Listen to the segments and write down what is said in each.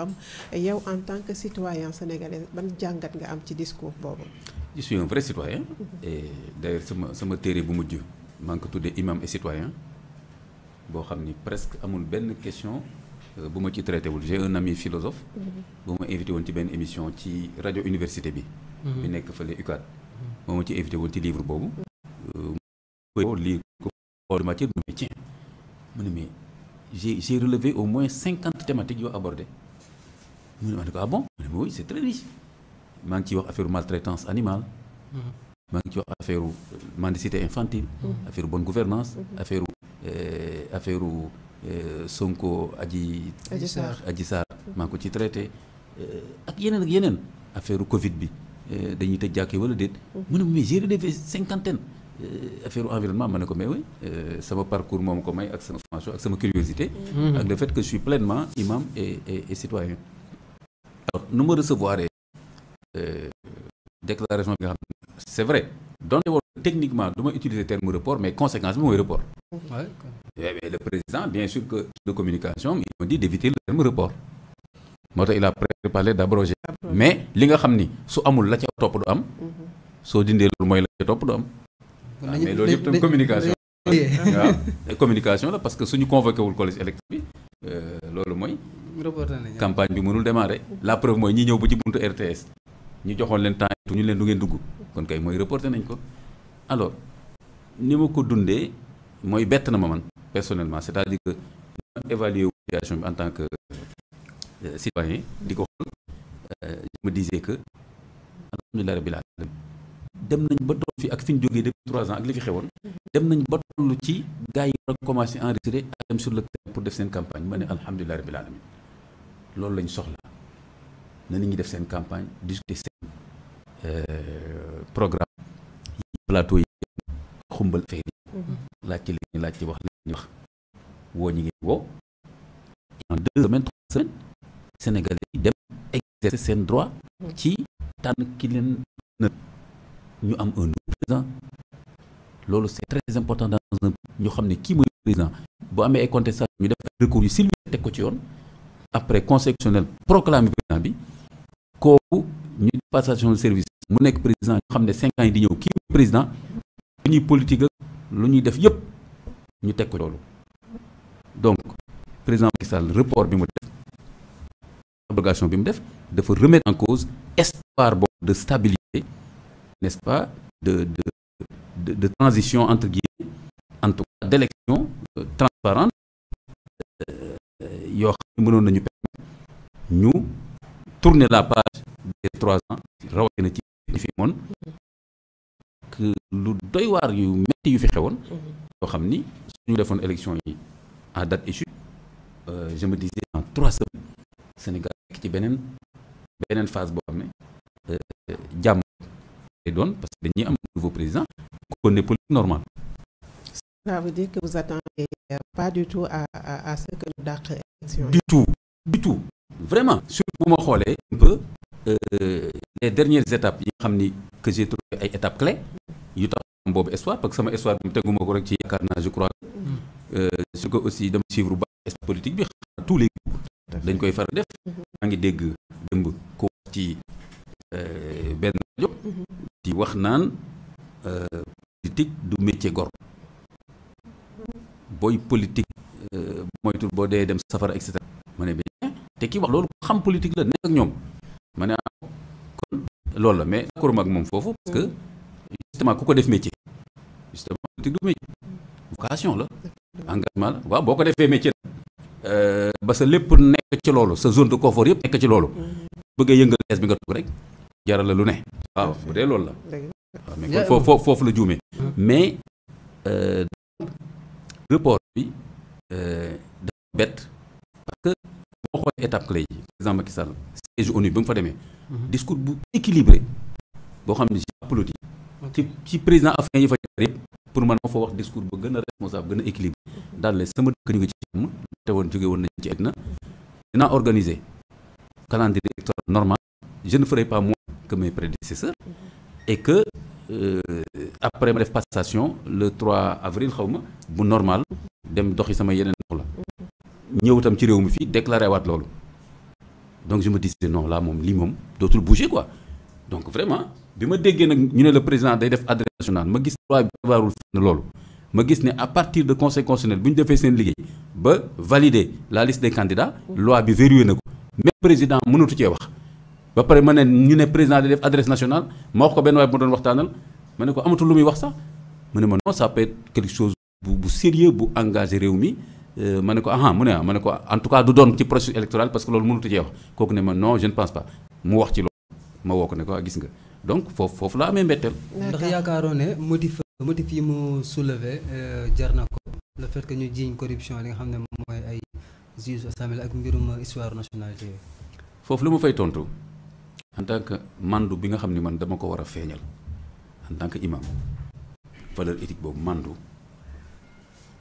xam yow en tant que citoyen sénégalais ban jàngat nga am ci discours boobu. je suis un vrai citoyen. et d'ailleurs sama sama téere bu mujj maa ngi ko tuddee imam et citoyen boo xam ni presque amul benn question bu ma ci traité wul j'ai un ami philosophe. bu ma invité woon ci benn émission ci rajo université bi. bi nekk fële UCAD. moo ma ci invité woon ci livre boobu. mu lire ko hors matière mu ne mais tiens mu ne mais j'ai j'ai relevé au moins 50 thématiques yoo abordé mu ne ma ah bon oui c'est très riche maa ngi ciy wax affaire maltraitance animale mm-hmm. maa ngi ciy wax affaire mendicité infantile mm-hmm. affaire bonne gouvernance mm-hmm. affaire euh, affaire euh, Sonko aji aji Sarr maa ngi ko ci traité euh, ak yeneen ak yeneen affaire Covid bi dañuy tëj jàkkee wala déet mu mais j'ai relevé cinquantaine affaire environnement mané ne ko mais oui sama parcours moom ko may ak sama formation ak sa curiosité avec le fait que je suis pleinement imam et et citoyen alors recevons des euh, déclarations déclaration c'est vrai donc techniquement nous utilisons le terme report mais conséquence le le report. Eh le président bien sûr que de communication il m'a dit d'éviter le terme report il a préparé d'abroger. mais ce que vous savez, su amul la ca top du am. Mhm. soo dindee loolu mooy la ca l'homme du am. Ah, mais communication. communication parce que nous convoqué le collège électoral bi euh, loolu moins. campagne bi mënul démarrer la preuve mooy ñi ñëw ba ci buntu RTS ñu joxoon leen temps tu ñu leen du ngeen dugg kon kay mooy reporté nañ ko alors ni ma ko dundee mooy bett na ma man personnellement c'est-à-dire que ma évaluer en tant que euh, citoyen di ko xool euh, je me disais que alhamdulilah rabbil alamin dem nañ ba toll fi ak fi ñu jógee depuis trois ans ak li fi xewoon dem nañ ba toll ci gars yi war a commencé enregistrer ak dem sur le pour def seen campagne ma ne alhamdulilah rabbil alamin lañ soxla campagne discuter euh, programme plateau xumbal ci en deux semaines trois sénégalais yi dem exercer droit mhm. ci un président c'est très important dans un ñu xam ne kii président bu amee ay contestation ñu recours après conceptionnel constitutionnel proclamé président bi kooku ñu passation de service mu nek président xamné 5 ans yi di président lu ñuy politique lu ñuy def ñu donc président Macky report bi mu def abrogation bi mu def dafa remettre en cause espoir de stabilité n'est-ce pas de de de, transition entre guillemets en tout cas d'élection euh, transparente nous tourner la page des trois ans que ci fi mon mm-hmm. que lu doy yu metti yu fi mm-hmm. élection date issue euh, je me disais en trois semaines Sénégal qui ci benen benen phase euh, parce que dañuy am nouveau président qu'on est politique normale ça veut dire que vous attendez pas du tout à ce que le du tout du tout vraiment surtout bu ma xoolee un peu euh, les dernières étapes yi nga xam que j'ai trouvé ay étapes clés yu tax boobu histoire parce que sama histoire bi teguma ko rek ci yaakaar naa je crois su mm. euh, ko aussi dama suivre bu baax politique bi tous les groupes dañ koy faral def mm-hmm. maa ngi dégg démb ko ci euh, benn rajo mm-hmm. di wax naan euh, politique du métier gor mm-hmm. booy politique Euh, moytu boo dee dem safara et cetera ma ne bien te kii wax loolu xam politique la nekk ak ñoom ma ne ah, kon loolu la mais d'accord ak moom foofu parce que justement ku ko def métier justement politique du métier vocation la engagement la waaw boo ko defee métier euh, ba sa lépp nekk ci loolu sa zone de confort yëpp nekk ci loolu bëggee yëngal es bi nga toog rek jaral lu ne waaw bu dee loolu la waaw mais foofu la juumee mais euh, report bi Euh, dafa bête parce que boo xoolee étape clé yi président Macky Sall siège ONU ba mu fa demee. Mhm. discours bu équilibré boo xam ne ci politique ci président africain yi fa jaar yëpp pour man moo fa wax discours bu gën responsable gën équilibré Dans les sama que ñu ngi ci jàmm te woon jóge woon nañ ci etna dinaa organiser calendrier électoral normal je ne ferai pas moins que mes prédécesseurs et que euh, après ma passation le 3 avril xaw bu normal dem doxi sama yenen dox la ñëw itam ci réew fi déclarer déclaré lolu donc je me disais non là mom li mom tout bouger quoi donc vraiment je me nak ñu né le président day def adresse nationale ma gis loi bi fenn lolu ma gis né à partir de conseil constitutionnel bu ñu defee ba valider la liste des candidats loi bi verrouillé na ko même président mënutu ci wax ba pare ma ñu né président de def adresse nationale ma wax ko benn waay bu ma doon waxtaanal mané ko amatu lu muy wax sax mané ne ma non ça peut être quelque chose bu bu sérieux bu engagé réew mi euh, mané ko aha ah, mané ne ko en tout cas du doon ci processus électoral parce que lolu mënut a wax kooku ne ma non je ne pense pas mu wax ci lolu ma woko né ko ah, gis nga donc foofu foofu la amé mbetteel. ndax yaakaaroon ne motif motif yi mu soulever euh, jar na ko le fait que ñu jiiñ corruption li nga xamné moy ay juge assemblée ak mbirum histoire nationale foofu lu mu fay tontu. en tant que mandu bi nga xam ni man dama ko war a feeñal en tant que imam valeur éthique boobu mandu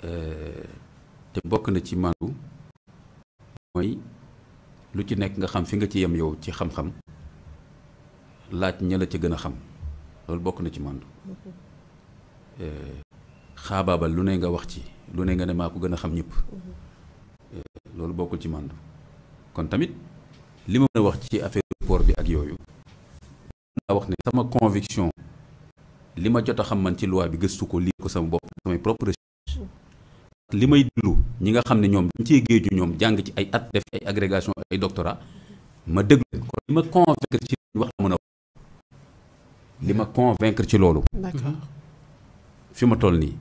euh, te bokk na ci mandu mooy lu ci nekk nga xam fi nga ci yem yow ci xam-xam laaj ña la ca gën a xam loolu bokk na ci mandu euh, xaabaabal lu ne nga wax ci lu ne nga ne maa ko gën a xam ñëpp euh, loolu bokkul ci mandu kon tamit li ma mën wax ci affaire aéroport bi ak yooyu naa wax sama conviction li ma jot a xam man ci loi bi gëstu ko lii ko sama bopp samay propre li may déglu ñi nga xam ne ñoom dañ cee géeju ñoom jàng ci ay at def ay agrégation ay doctorat ma déglu leen kon li ma convaincre li ma convaincre ci loolu mm-hmm. fi ma toll nii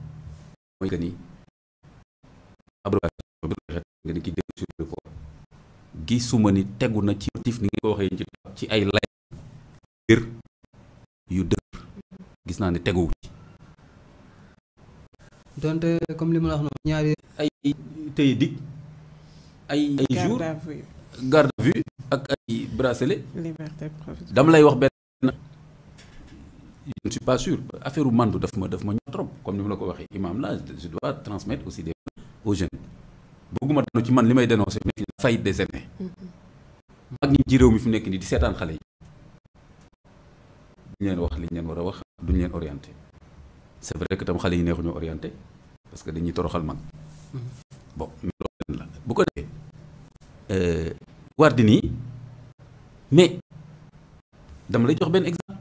gi soumani ni tegu na ci motif ni nga ko waxe ci ay lay dër yu dër gis na ni teguwu ci donte comme limu wax non ñaari ay tey dig ay ay jour garde vue ak ay bracelet liberté dam lay wax ben je ne suis pas sûr affaire u mandu daf ma daf ma ñor trop comme ni ma la ko waxee imam là je dois transmettre aussi des aux jeunes buguma daanu ci man limay dénoncer dénoncé mais la des années mag ñi ci réew mi fi nek ni di sétane xalé yi duñ leen wax li leen wara wax duñ leen orienter c'est vrai que tam xalé yi neexu ñu orienter parce que dañuy toroxal mag bon mais loolu la bu ko dé euh wardini mais dama lay jox ben exemple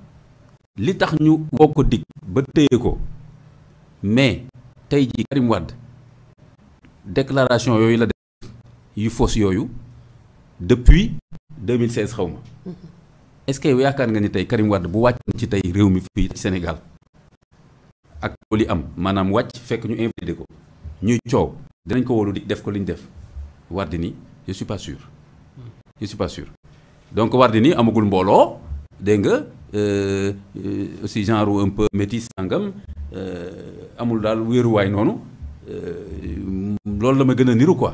li tax ñu woko dig ba téye ko mais tay ji Karim wad déclaration il la def yu depuis 2016 mm-hmm. est-ce que nga ni Karim bu ci Sénégal ak li am manam wacc fek invité ko ñuy def ko def Wardini je suis pas sûr mm. je suis pas sûr donc Wardini amagul euh, euh, un peu métis sangam euh, amul loolu la ma gën a niru quoi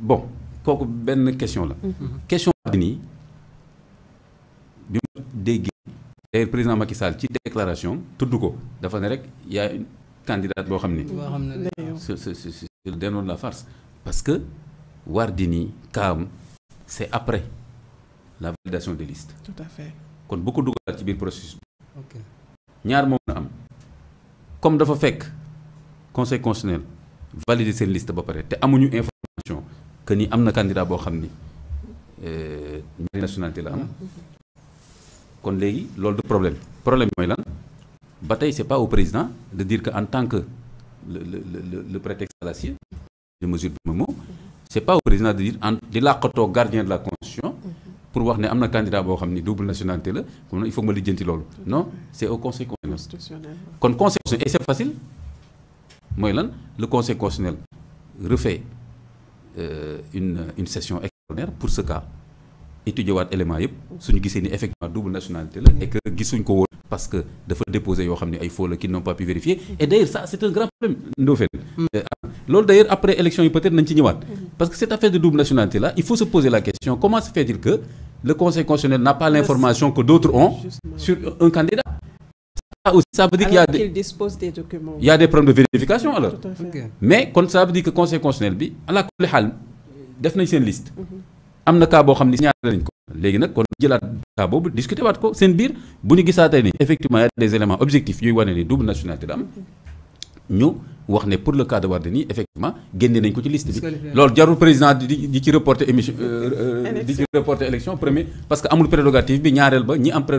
bon kooku benn question la. Mhm. Mhm. question bi nii bi ma déggee d'ailleurs président Macky Sall ci déclaration tudd ko dafa ne rek y a une candidate boo xam ni. c'est c'est le dénonce de la farce parce que Wardini kaam c'est après la validation des listes. tout à fait kon bu ko dugalaat ci biir processus bi. ñaar moom am comme dafa fekk conseil constitutionnel valider cette liste ba pare te amuñu information que ni avons candidat à xamni euh, nationalité la am kon légui du problème problème que lan n'est c'est pas au président de dire que en tant que le le le le prétexte à l'acier de mesure pas c'est pas au président de dire en la est gardien de la constitution pour qu'il y a un candidat qui double nationalité il faut que je le dise. non c'est au conseil constitutionnel kon conseil et c'est facile moi, le conseil constitutionnel refait euh, une une session extraordinaire pour ce cas étudier y élément des suñu qui ni effectivement double nationalité et que sont ko parce que dafa déposer yo xamni ay faux qui n'ont pas pu vérifier et d'ailleurs ça c'est un grand problème euh, ah, d'ailleurs après élection il peut-être nañ ci parce que cette affaire de double nationalité là il faut se poser la question comment se fait-il que le conseil constitutionnel n'a pas l'information que d'autres ont sur un candidat aussi, ah, ça veut dire qu'il y a des... dispose des documents. Il y a des problèmes de vérification, alors. Tout à fait. Okay. Mais, quand ça veut dire que le conseil constitutionnel, à la def nañ seen liste mhm. am na cas boo xam ne signalé ko Légui nak kon jëlaat cas bobu discuter wat ko seen biir bu ñu ni effectivement y a des éléments objectifs yu wone ni double nationalité da mhm. ñu wax né pour le cas de Wardini effectivement génne nañ ko ci liste bi Lool jarul président di di ci reporter émission euh, euh, di ci reporter élection premier parce que amul prérogative bi ñaarel ba ñi am prérogative